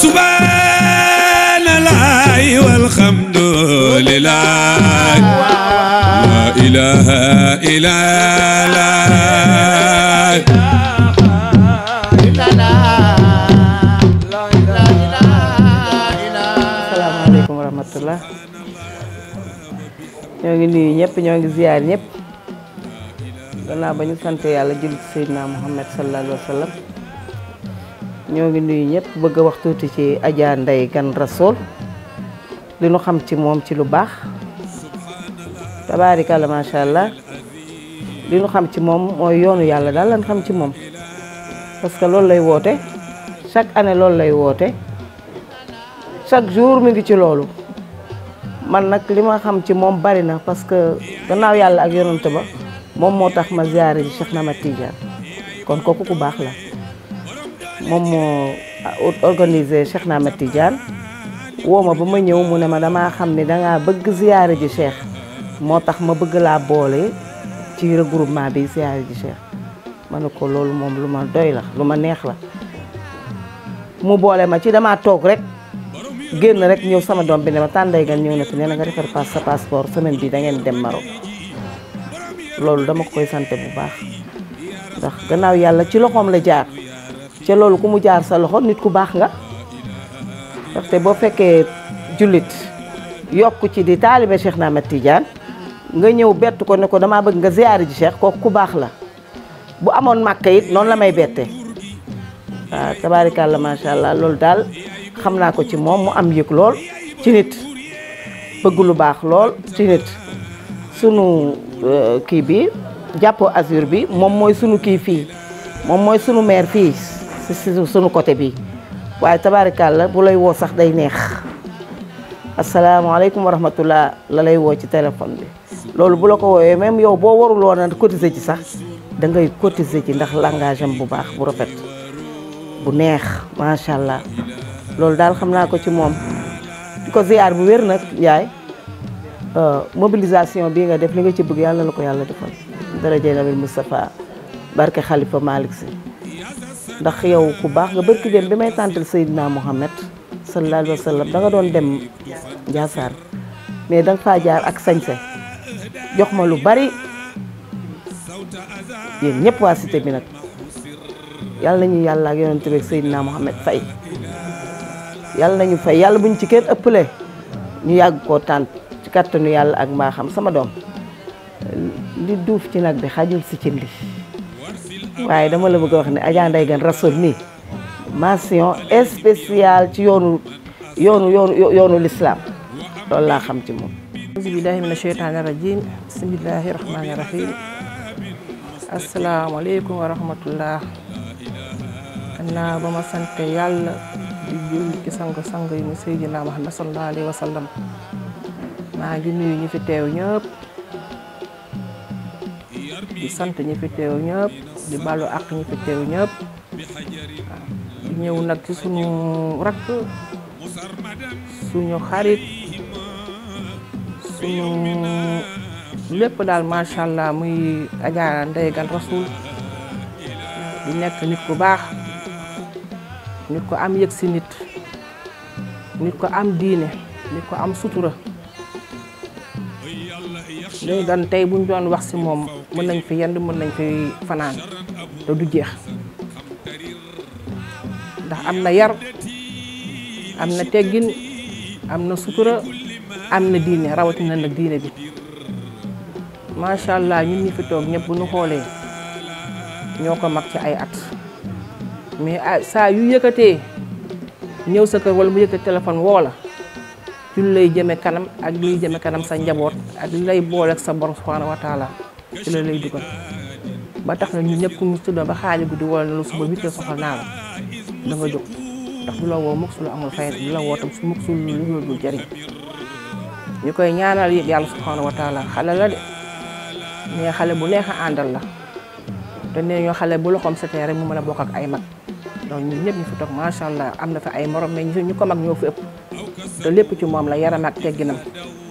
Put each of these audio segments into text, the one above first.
subhanallahi walhamdulillah la ilaha illallah rahmatullah ñoo ngi nuyu ñëpp ñoo ngi ziar ñëpp gannaaw ba ñu sante yàlla muhammad sallallahu alayhi wa sallam ñoo ngi nuyu ñëpp bëgg a wax tuuti ci Adja Ndeye Gane Rassoul li nu xam ci moom ci lu baax tabaarikàlla macha allah li nu xam ci moom mooy yoonu yàlla daal lan xam ci moom parce que loolu lay woote chaque année loolu lay woote chaque jour mi ngi ci loolu man nag li ma xam ci moom bari na parce que gannaaw yàlla ak yonent ba moom moo tax ma ziyaare ji Cheikh ma Tidiane kon kooku ku baax la mom moo organisé Cheikh na Ahmed Tidiane woo ma ba ma mu ne ma dama xam da nga bëgg ziaré ji Cheikh motax ma bëgg la bolé ci regroupement bi ziaré ji Cheikh ma ko loolu doy la luma neex la mu bolé ma ci dama tok rek genn rek ñew sama dom bi ne ma tanday gan ñew na ci nee nga defar pass sa passeport semaine bi da ngeen dem maro lolu dama koy santé bu baax ndax gannaaw yalla ci loxom la jaar te loolu ku mu jaar sa loxo nit ku baax nga ndaxte boo fekkee jullit yokk ci di taalibe Cheikh naa ma Tidiane nga ñëw bett ko ne ko damaa bëgg nga ziyaare ji Cheikh kooku ku baax la bu amoon màkka it noonu la may bette waaw tabaarikàlla macha allah loolu daal xam naa ko ci moom mu am yëg lool ci nit bëgg lu baax lool ci nit sunu euh, kii bi jàppoo azur bi moom mooy sunu kii fii moom mooy sunu maire fii si suñu côté bii waaye la bu lay woo sax day neex asalaamaaleykum wa rahmatullah la lay woo ci téléphone bi loolu bu la ko woowee même yow boo warul woon a cotiser ci sax da ngay cotiser ci ndax langage bu baax bu rafet bu neex macha allah loolu daal xam naa ko ci moom di ko ziar bu wér nag yaay euh, mobilisation bii nga def li nga ci bëgg yàlla na la ko yàlla defal dara jëy nabil Moustapha barke Khalifa Malick Sy ndax yow ku baax nga barki dem bi may tàntal Seydina Mohamed sallallahu alayhi wa sallam da doon dem Ndiassane mais da nga faa jaar ak sañse jox ma lu bari yéen ñëpp waa cité bi nag yàlla nañu yàlla ak yonent bi Seydina Mohamed fay yàlla nañu fay yàlla buñ ci kenn ëpple ñu yàgg koo tànt ci kattanu yàlla ak mbaaxam sama doom li duuf ci nag bi xajul si cin li waaye dama la bëgg a wax ne Adja Ndeye Guène Rassoul mi mention spéciale ci yoonu yoonu yoonu yoonu laa xam ci moom auzu billahi mina sheytaani rajim bismillahi rahmaani rahim asalaamaaleykum wa rahmatullah naa ba ma sante yàlla di julli ci sang-sang yi mu Seydina Muhammad sallallahu alayhi wa sallam maa ngi nuyu ñu fi teew ñëpp di sant ñu fi teew ñëpp di baalu ak ñi fi teew ñep ñew nak ci suñu rak suñu xarit suñu dal ma sha allah muy ndey gan rasul di nek nit ku bax nit ku am yek si nit nit ku am diine nit ku am sutura dañu dan tay buñ doon wax ci mom mën nañ fi yend mën nañ fi fanane te du jeex ndax am na yar am na teggin am na sutura am na diine rawatina diine bi sha allah ñun ñi fi tok ñëpp bu ñu xolé ñoko mag ci ay at mais ah, sa yu yëkëté ñew sa kër wala mu yëkë téléphone woo ñu lay jëme kanam ak ñu jëme kanam sa njabot ak lay boole ak sa borom subhanahu wa taala ci lay dugal ba tax na ñu ñëpp ñu tuddoo ba xaali guddi wala na lu suba huit naa la da nga amul fay du ñu koy ñaanal yëpp xale la de xale bu neex a àndal la te nee xale bu loxoom setee rek mu mën a bokk ay mag donc ñun ñëpp allah am na fa ay morom mais ñu ko mag ñoo fi ëpp te lépp ci moom la yaram ak tegginam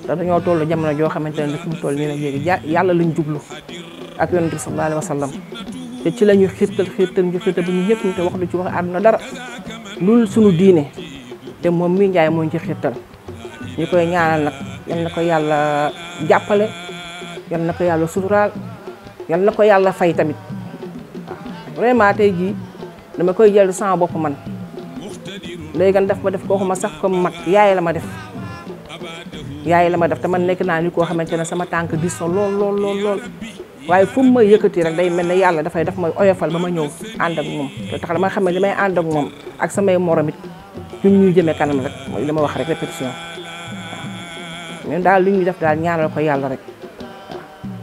te dañoo tollu jamono joo xamante ne fi mu toll nii nag léegi yàlla luñ jublu ak yonante sallallahu alaihi wasallam te ci lañu xirtal xirtal ñu xirtal bu ñu yépp ñu te wax lu ci wax aduna dara lul suñu diiné te mom mi ñay mo ci xirtal ñi koy ñaanal nak yalla nako yalla jappalé yalla nako yalla sutural yalla nako yalla fay tamit vraiment tay ji dama koy jël sama bop man day gan def ma def ko xuma sax comme mak yaay la ma def yaay la ma def te man nek na ni ko xamantene sama tank gis na lol lol lol waaye fu mu may yëkkati rek day mel ne yàlla dafay daf may oyofal ba ma ñëw ànd ak moom te tax dama xam ne li may ànd ak moom ak samay morom it ñun ñuy jëmee kanam rek mooy li wax rek ñun daal li ñu def daal ñaanal ko yàlla rek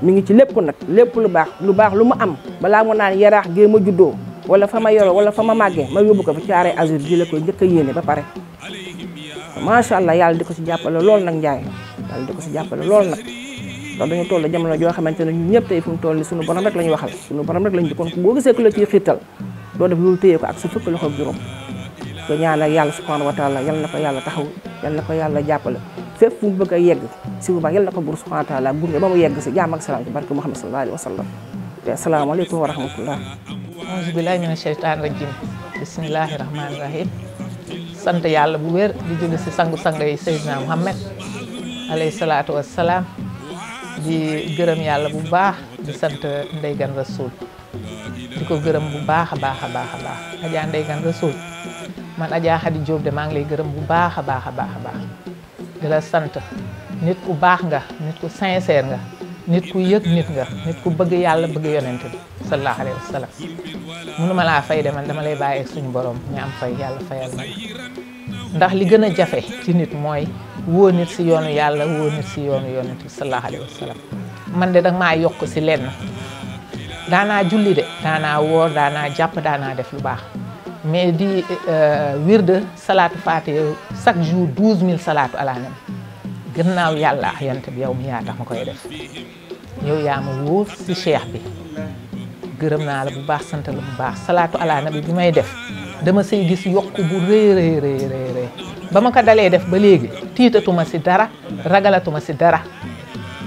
mi ngi ci lépp nag lépp lu baax lu baax lu mu am balaa mu naan yaraax gee ma juddoo wala fa ma yoroo wala fa ma màggee ma yóbbu ko fa caaree azur ji la koy njëkk a yéene ba pare macha allah yàlla di ko si jàppale loolu nag Ndiaye yàlla di ko si jàppale lool nag. ndax dañu toll jamono joo xamante ne ñun ñëpp tey fu mu toll suñu borom rek la ñu waxal suñu borom rek lañu kon boo gisee ku la ciy xiirtal doo def loolu téye ko ak sa fukk loxo juróom ko ñaanal yàlla subhanahu wa taala yal na ko yàlla taxaw yal na ko yàlla jàppale fépp fu bëgg a yegg si bu baax yal ko buur subhanahu wa taala gunge ba mu yegg si jaam ak salaam ci barke Muhammad sallallahu alayhi wa sallam te asalaamaaleykum wa rahmatullah auzu billahi mina sheytaan rajim bismillahi sant yàlla bu wér di julli si sangu-sang yi Seydina Muhammad alayhi salaatu wassalaam di gërëm yalla bu baax di sant Ndeye rasul Rasoul di ko gërëm bu baax a baax a baax a baax Adja Ndeye Gane man Adja Diop de maa ngi lay gërëm bu baax a baax a baax baax di la sant nit ku baax nga nit ku sincère nga nit ku yëg nit nga nit ku bëgg yalla bëgg yonent bi sallallahu alayhi wa sallam mënuma laa fay de man dama lay bàyyi ak suñu borom ñu am fay yalla fayal ma ndax li gën a ci nit mooy woo nit si yoonu yàlla woo nit si yoonu yonent bi man de danga maa yokk si lenn daanaa julli de daanaa woor jàpp daanaa def lu baax mais di euh, wirde salaatu faatiha chaque jour douze mille salaatu ala nabi gannaaw yàlla ak bi yow mi yaa tax ma koy def yow yaa ma wóor si cheikh bi gërëm naa la bu baax sant la bu baax salaatu ala bi bi may def dama say gis yokk bu rëy Bama ma ko def ba légui titatuma ci dara ragalatuma ci dara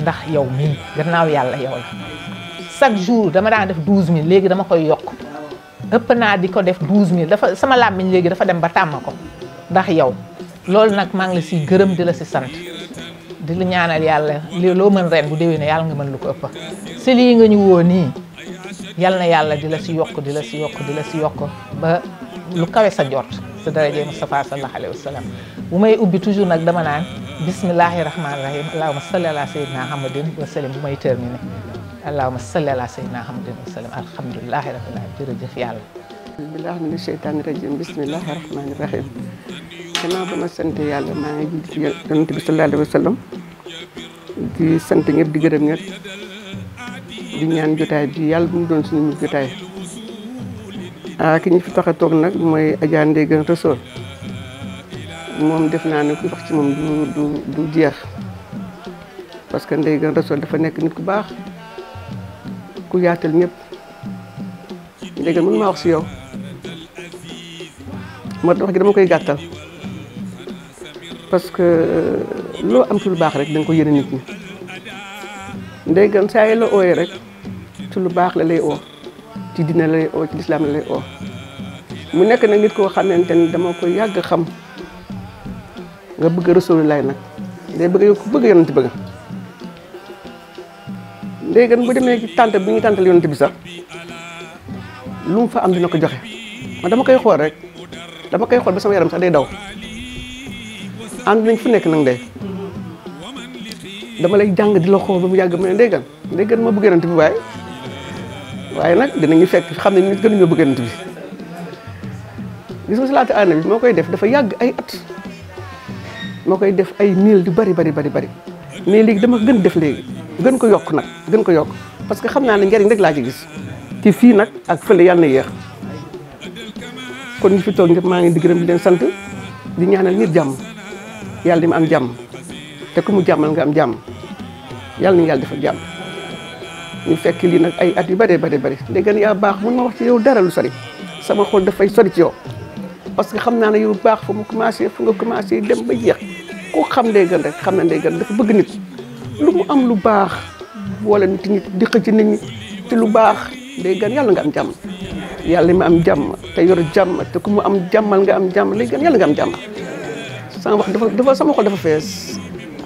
ndax yow mi gannaaw yalla yow la chaque jour dama da def 12000 légui dama koy yok ëpp na diko def 12000 dafa sama làmmiñ légui dafa dem ba tàmm ko ndax yow loolu nak maa ngi la si gërëm di la si di la ñaanal yalla li lo mën reen bu ne yalla nga mën lu ko ëpp ci li nga ñu wo ni yalla na yalla di la si di la si di la ba lu kawé sa jot سيدنا مصطفى صلى الله عليه وسلم بومي اوبي توجور نك داما نان بسم الله الرحمن الرحيم اللهم صل على سيدنا محمد وسلم بومي تيرميني اللهم صل على سيدنا محمد وسلم الحمد لله رب العالمين جرجف يالا بالله من الشيطان الرجيم بسم الله الرحمن الرحيم كما بما سنت يالا ما نتي صلى الله عليه وسلم دي سنت نيب دي گرم نيب دي نيان جوتاي دي يالا بوم دون سني جوتاي ah ki ñu fi tax toog nag mooy Adja Ndéguène Rassoul moom def naa ne ku wax ci moom du jeex parce que Ndéguène Rassoul dafa nekk nit ku baax ku yaatal ñëpp Ndéguène mënu maa wax si yow moo tax gi dama koy gàttal parce que euh, loo am ci lu baax rek da nga ko yéene nit ñi Ndéguène saa yi la ooyee rek ci lu baax la lay oo ci dina la lay oo lislaam la oo mu nekk nag nit koo xamante ni dama ko yàgg xam nga bëgg rasulullah nag day bëgg yow bëgg yonent bëgg léegi bu demee ci tante bi ñu tàntal yonent bi sax lu mu fa am dina ko joxe ma dama koy xool rek dama koy xool ba sama yaram sax day daw ànd nañ fu nekk nag day dama lay jàng di la xool ba mu yàgg ma ne ndeygan ndeygan ma bëgg yonent bi waaye waaye nag dinañu fekk xam ne nit gënuñoo bëgg yonent bi gis nga salaatu ala nabi moo koy def dafa yàgg ay at moo koy def ay mil du bari bari bari bari mais léegi dama gën def léegi gën ko yokk nag gën ko yokk parce que xam naa ne njëriñ rek laa ci gis ci fii nag ak fële yàlla ya. na yéex kon ñu fi toog ñëpp maa ngi di gërëm di leen sant di ñaanal nit jàmm yàlla di ma am jàmm te ku mu jàmmal nga am jàmm yàlla ni yàlla defal jàmm ñu fekk lii nag ay at yu bëree bëri bëri dégg nga yaa baax mun ma wax ci yow dara lu sori sama xol dafay sori ci yow parce que xam naa ne yow baax fa mu commencé fu nga commencé dem ba jeex ku xam day gën rek xam na day gën dafa bëgg nit lu mu am lu baax wala nit nit di xëcc nit ñi te lu baax day gën yàlla nga am jàmm yàlla ma am jàmm te yor jàmm te ku mu am jàmmal nga am jàmm lay gën yàlla nga am jàmm sama wax dafa dafa sama xol dafa fees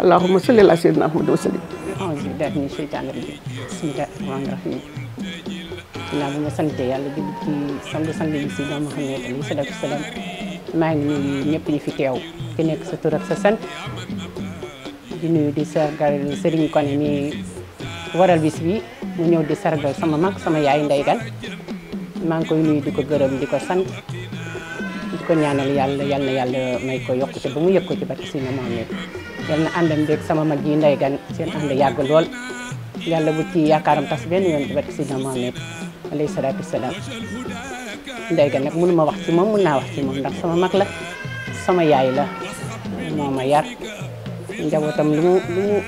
allahumma salli ala sayyidina muhammad wa sallim أعوذ بالله ni الشيطان الرجيم بسم الله الرحمن الرحيم ginnaaw bi nga sante yàlla jub ci samedi samedi bi si doomu xam ne ali salatu salaam maa ngi nuyu ñëpp ñi fi teew ki nekk sa tur ak sa sant di nuyu di sargal Serigne Koné mi waral bis bi mu ñëw di sargal sama mak sama yaay Ndeye Gane ma ngi koy nuyu di ko gërëm di ko sant di ko ñaanal yàlla yàlla na yàlla may ko yokk te ba mu yëg ko ci barke Sëriñ Mohamed yàlla na àndam beeg sama mag yi Ndeye Gane seen ànd yàgg lool yàlla bu ci yaakaaram tas benn yoon ci barke Sëriñ Mohamed alayhi salaatu wasalaam ndey ga nag mënuma wax ci moom mën naa wax ci moom ndax sama mag la sama yaay la moo ma yar njabootam lu mu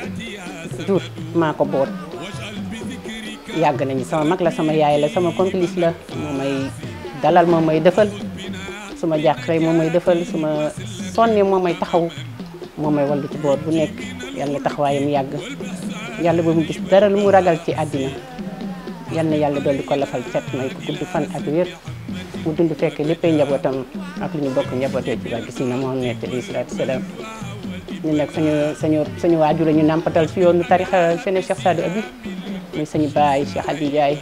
nañu sama mag la sama yaay la sama complice la moo may dalal moo may defal suma ma jàqaree moo may defal suma ma sonnee moo may taxaw moo may wallu ci boor bu nekk yàlla taxawaayam yàgg yàlla ba gis dara lu mu ragal ci àddina yal yalla yàlla dolli ko lafal cet may ko gudd fan ak wér mu dund fekk léppay njabotam ak luñu bokk njabote ci ba gis na mo Muhammad alayhi salaatu salaam ñu nag sañu sañu sañu waajur ñu nampatal ci yoonu tarikha sene Cheikh sadu Abi muy sañu baye Cheikh Aliou jay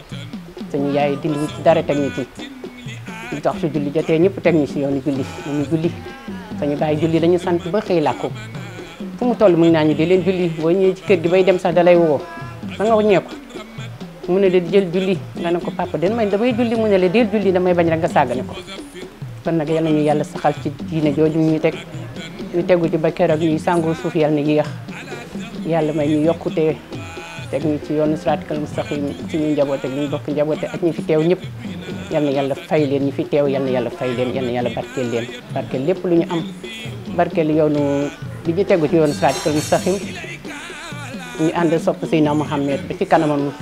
sañu yaay dindi ci dara teg ñu ci lu tax ci julli jote ñëpp teg ñu ci yoonu julli ñu julli sañu baye julli dañu sant ba xëy làkku fu mu toll mu ngi ñu di leen julli bo ñëwee ci kër gi bay dem sax dalay wo ba nga ñeeku mu ne la jël julli nga ne ko papa den may damay julli mu ne la del julli damay bañ rek nga sagane ko kon nak yalla ñu yalla saxal ci diine joju ñu tek ñu teggu ci ba keroog ñuy sangu suuf yalla na yeex yalla may ñu yokkute tek ñu ci yoonu siraatal mustaqim ci ñu njabote ñu bokk njabote ak ñi fi tew ñep yalla yalla fay leen ñi fi tew yalla yalla fay leen yalla yalla barkel leen barkel lepp lu ñu am barkel yoonu bi ñu teggu ci yoonu siraatal mustaqim ñu ande sopp Seydina Mouhamed ba ci kanamam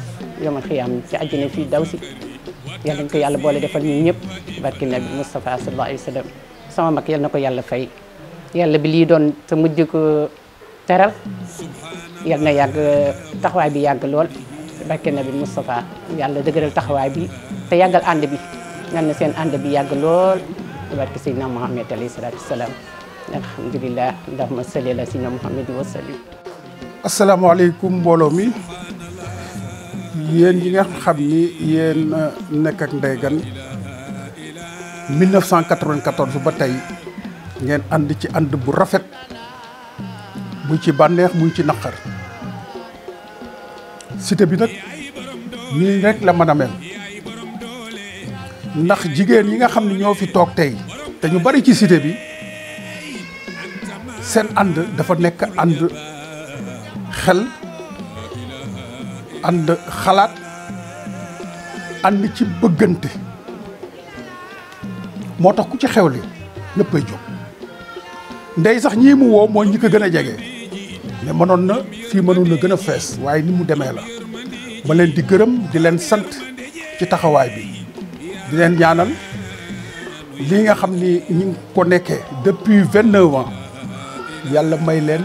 yomal xiyaam ci àjjana fii daw si yal nañ ko yàlla boole defal ñun ñëpp barki nabi Moustapha sallallahu alayhi wa sallam sama mag yal na ko yàlla fay yàlla bi lii doon te mujj ko teral yal na yàgg taxawaay bi yàgg lool barki nabi Moustapha yàlla dëgëral taxawaay bi te yàggal ànd bi nan na seen ànd bi yàgg lool barki Seydina Muhammad alayhi salaatu wa salaam alhamdulilah ndax ma sële la si na Muhammad wa yéen yi nga xam ni yéen euh, nekk ak Ndeye Gane ba tey ngeen ànd ci ànd bu rafet muy ci bànneex mu ci naqar cité bi nag nii rek la ndax jigéen yi nga xam ni ñoo fi toog tey te ñu bari ci cité bi seen ànd dafa nekk ànd xel ànd xalaat ànd ci bëggante moo tax ku ci xewle ñëppay jóg ndey sax ñii mu woo moo ñi ko gën a jege mais mënoon na fii mënoon na gën a fees waaye ni mu demee la ma leen di gërëm di leen sant ci taxawaay bi di leen ñaanal lii nga xam ni ñu ngi ko nekkee depuis vingt-neuf ans yàlla may leen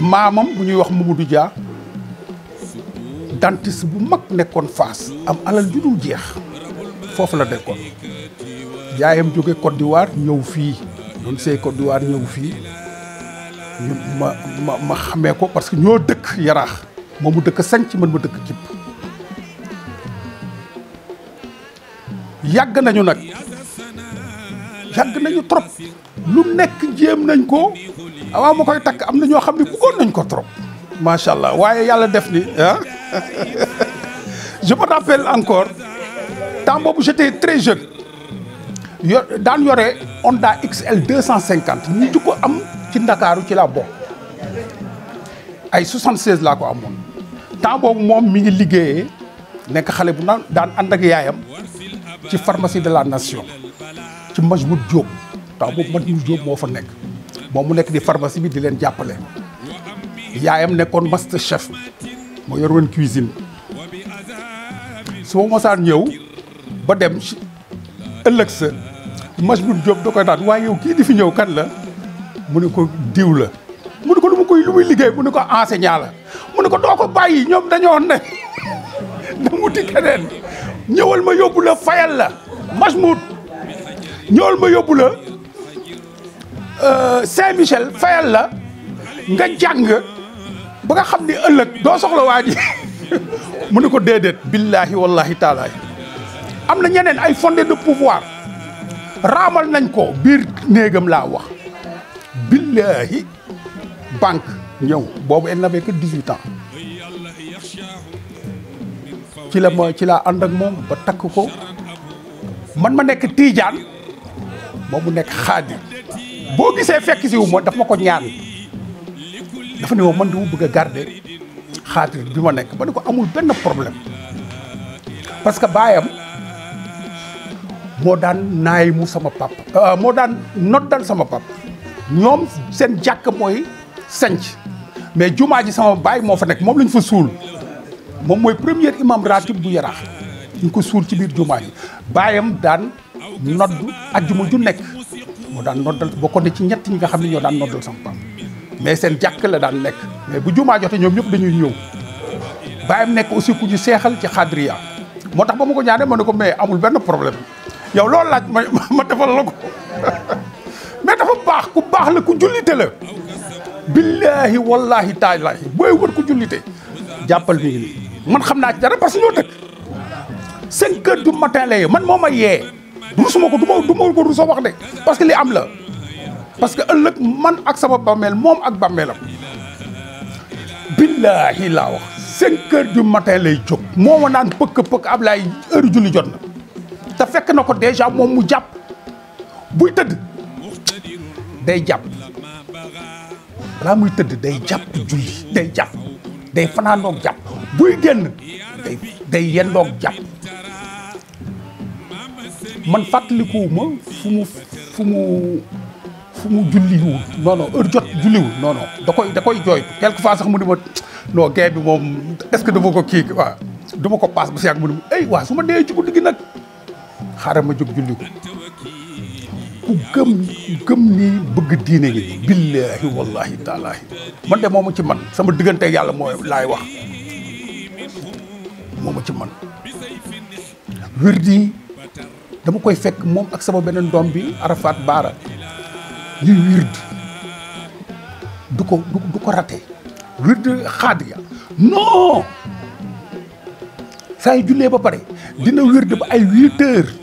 mamam bu ñuy wax Mamadou Dia dentiste bu mag nekkon face am alal ju dul jeex fofu la dekkon yaayam joge Côte d'Ivoire ñew fi doon sey Côte d'Ivoire ñew fi ma ma ma xamé ko parce que ñoo dekk yarax momu dekk sañ ci man ma dekk jipp yag nañu nak yag nañu trop lu nekk jëm nañ ko Ah, waaw ma koy tak am na xamni xam gon nañ ko trop sha allah waye yalla def ni ah. je me rappelle encore temps bobu j'étais très jeune dan yoré Honda XL 250 ñu diko am ci Dakar ci la bok ay 76 la ko amoon temps bobu mom mi ngi liggéeyee nek xalé bu nan dan ànd ak ci pharmacie de la nation ci Majmoud Diop temps boobu Majmoud Diop mo fa nek mom mu nek di pharmacie bi di len jappalé yaayam nekkon master chef mo yor woon cuisine so mo sa ñew ba dem ëllëg sa masbu job do koy daat waaye yow ki di fi ñew kan la mu ne ko diiw la mu ne ko lu mu koy lu muy liggéey mu ne ko enseignant la mu ne ko doo ko bàyyi ñoom dañoo ne da ti keneen ñewal ma yobula fayal la Majmoud ñëwal ma yobula Euh, Saint-Michel fayal la nga jàng ba nga xam ni ëllëg doo soxla waa ji mu ne ko déedéet billaahi wallahi taalaay am na ñeneen ay fondé de pouvoir raamal nañ ko biir néegam laa wax billaahi banque ñëw boobu elle n'avait que dix ci la ma ci laa ànd ak moom ba takk ko man ma nekk tiijaan moom mu nekk xaadir boo gisee fekk si wu ma daf ma ko ñaan dafa ne ma man dama bëgg a garder xaatir bi ma nekk ba ne ko amul benn problème parce que baayam moo daan naay mu sama pap euh, moo daan noddal sama pap ñoom seen jàkk mooy sanc mais jumaa ji sama baay moo fa nekk moom lañ fa suul moom mooy premier imam ratib bu yaraax ñu ko suul ci biir jumaa ji baayam daan nodd ajjuma ju nekk moo daan noddal bokkoon na ci ñett ñi nga xam ne ñoo daan noddal sama papa mais seen jàkk la daan nekk mais bu jumaa jotee ñoom ñëpp dañuy ñëw bàyyam nekk aussi ku ñu seexal ci xadriya moo tax ba ma ko ñaanee ma ne ko mais amul benn problème yow loolu laaj ma ma defal la ko mais dafa baax ku baax la ku jullite la billaahi wallaahi taalaahi booy wër ku jullite jàppal mi ngi man xam naa ci dara parce que ñoo dëkk cinq heures du matin lay man moo ma yee rusuma ko du ma du ma ko rusa wax de parce que li am la parce que ëllëg man ak sama bàmmeel moom ak bàmmeelam billaahi laa wax cinq heures du matin lay jóg moo nan naan pëkk pëkk Ablaye heure julli jot na ta fek nako deja mom mu japp buy teud day japp la muy teud day japp julli day japp day fanaandoog japp buy genn day day yendoog jàpp man fàttalikuwuma fu mu fu mu fu mu julliwul non non heure jot julliwul non non da koy da koy jooytu quelque fois sax mu di ma non guerre bi moom est-ce que dama ko kii waaw duma ko paas ba si yàgg mu ne ma ay waa su ma dee ci guddi gi nag xaaral ma jóg julli ko ku gëm gëm ni bëgg diine ngi nii billaahi wallaahi taalaahi man de moomu ci man sama diggante yàlla mooy laay wax moomu ci man wér di dama koy fekk moom ak sama benen doom bi Arafat Baara ñuy wird du ko du ko raté wird xaadira ya. non saa yu ba pare dina wird ba ay 8 heures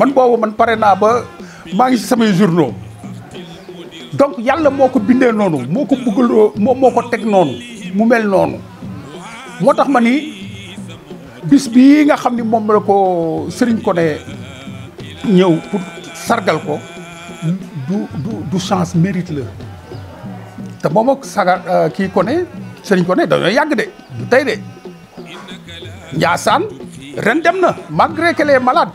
man bobu man pare na ba sama ngi ci sama journaux donc yalla moko bindé nonu moko bëggal mo moko tek nonu mu mel nonu motax man ni bis bi nga xamni mom la ko serigne ko ñëw pour sargal ko du du chance mérite la te moom ak sagar euh, kii ko sëriñ ko ne dañoo yàgg de du tey de Njaasaan ren dem na malgré que les malades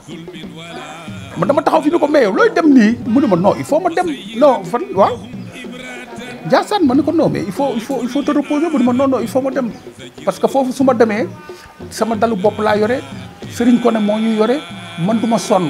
dama taxaw fi ni ko mais looy dem nii mu ne ma non il faut ma dem non fan waaw Njaasaan ma ne ko non mais il faut il faut il faut te reposer mu ne ma non non il faut ma dem parce que foofu su ma demee sama dalu bopp laa yore sëriñ ko ne moo ñu yore man du sonn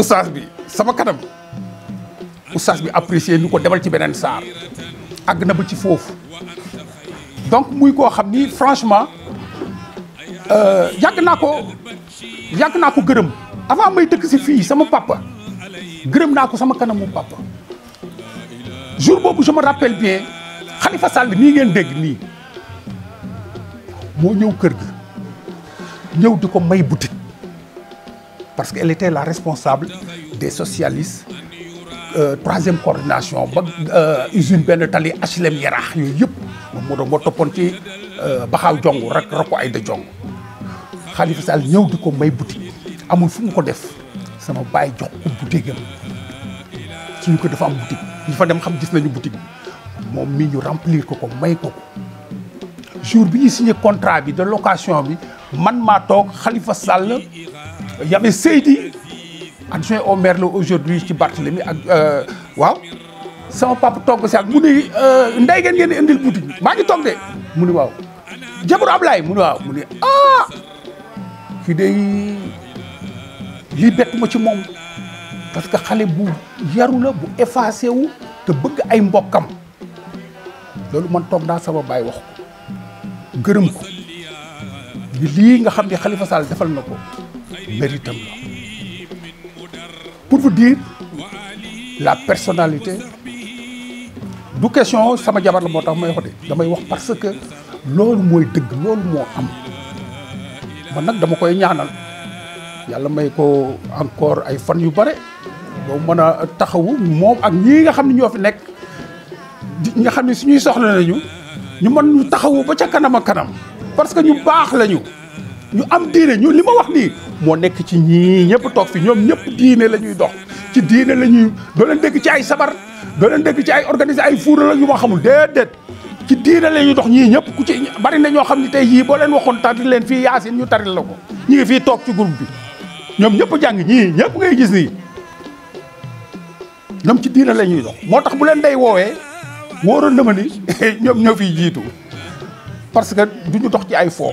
oustaz bi sama kanam oustaz bi apprécié ni ko demal ci beneen saar àgg na ba ci foofu donc muy koo xam ni franchement euh, yàgg naa ko yàgg naa ko gërëm avant may dëkk si fii sama papa gërëm naa ko sama kanamu papa jour boobu je me rappelle bien Khalifa Sall bi nii ngeen dégg nii moo ñëw kër ga ñëw di ko may boutique parce qu'elle était la responsable des socialistes euh, troisième coordination ba euh, usine ben tali HLM Yaraax yooyu yëpp moom moo doon moo toppoon ci euh, baxaaw jong rek roko ay da jong Khalifa Sall ñëw di ko may boutique amul fu ko def sama baay jox ko boutique suñu ko dafa am boutique ñu fa dem xam gis nañu boutique moom mii ñu remplir ko ko may ko ko jour bi signé contrat bi de location bi man matok toog Khalifa Sall y avait Seydi adjoint au maire la aujourd'hui ci Barthélemy ak euh, waaw sama papa toog si ak mu ni euh, nday ngeen ngeen indil boutique bi maa ngi toog de mu ni waaw jabaru Ablaye mu ni waaw mu ni ah kii lii bett ma ci moom parce que xale bu yaru la bu effacé wu te bëgg ay mbokkam loolu man toog naa sama baay wax ko gërëm ko lii nga xam ne Khalifa Sall defal na ko méritam pour vous dire la personnalité du question sama jabar la moo tax may wax de damay wax parce que loolu mooy dëgg loolu moo am man nag dama koy ñaanal yàlla may ko encore ay fan yu bare boo mën a taxawu moom ak ñii nga xam ne ñoo ñi nga xam suñuy soxla nañu ñu mën ñu taxawu ba ca kanam ak kanam parce que ñu baax lañu ñu am diine ñu li ma wax nii moo nekk ci ñii ñëpp toog fi ñoom ñëpp diine la ñuy dox ci diine la ñuy doo leen dégg ci ay sabar doo leen ci ay organisé ay fuura la yu ma xamul déedéet ci diine la ñuy dox ñii ñëpp ku ci bari na ñoo xam ni tey yii boo leen waxoon tari leen fii yaasin ñu tari la ko ñu fii toog ci groupe bi ñoom ñëpp jàng ñii ñëpp ngay gis nii ñoom ci diine la ñuy dox moo tax bu leen day woowee wóoroon na ma ni ñoom ñoo fiy jiitu parce que duñu dox ci ay foo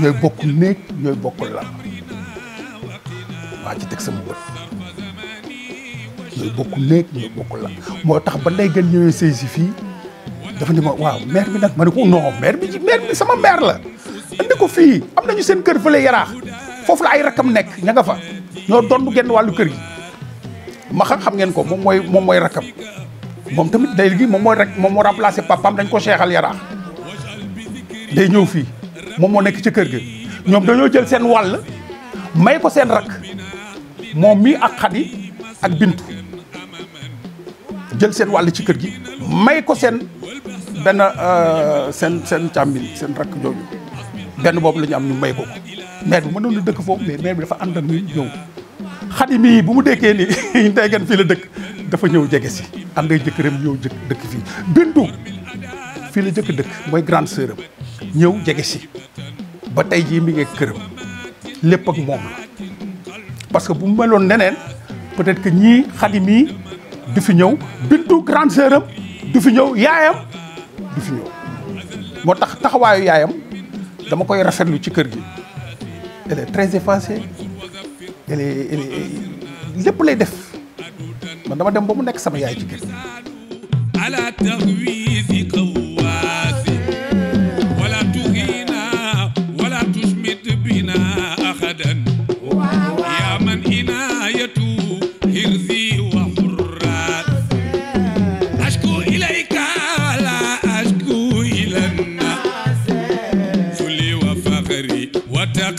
ñooy bokk néeg ñooy bokk lal waa ci teg sama bët ñooy bokk néeg ñooy bokk lal moo ba gën ñëwee dafa ne ma waaw ma ko non bi ci m'a bi sama la andi ko am nañu seen kër fële yaraax la ay rakam nekk fa ma xam xam ngeen ko moom mooy moom mooy rakam tamit day moom moo nekk ci kër gi ñoom dañoo jël seen wàll may ko seen rakk moom mii ak xadi ak bintu jël seen wàll ci kër gi may ko seen benn euh, seen seen càmmin seen rakk jooju benn boobu lañu am ñu may ko ko maire bi mënoon na dëkk foofu mais maire bi dafa ànd ak ñu ñëw xadi mii bu mu dékkee ni ndey ngeen fii la dëkk dafa ñëw jege si ànd ak jëkkëram ñëw jëkk dëkk fii bintu fii la jëkk dëkk mooy grande sœur am ñew jégué ci ba tay ji mi ngi kërëm lepp ak mom parce que bu mu meloon neneen peut-être que ñi xadim yi du fi ñew bintu grande sœur am du fi ñew yaayam du fi ñew motax taxawayu yaayam dama koy rafetlu ci kër gi elle est très effacée elle est elle est lépp lay def man dama dem ba mu nekk sama yaay ci kër gi.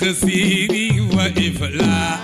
que se viva e falar.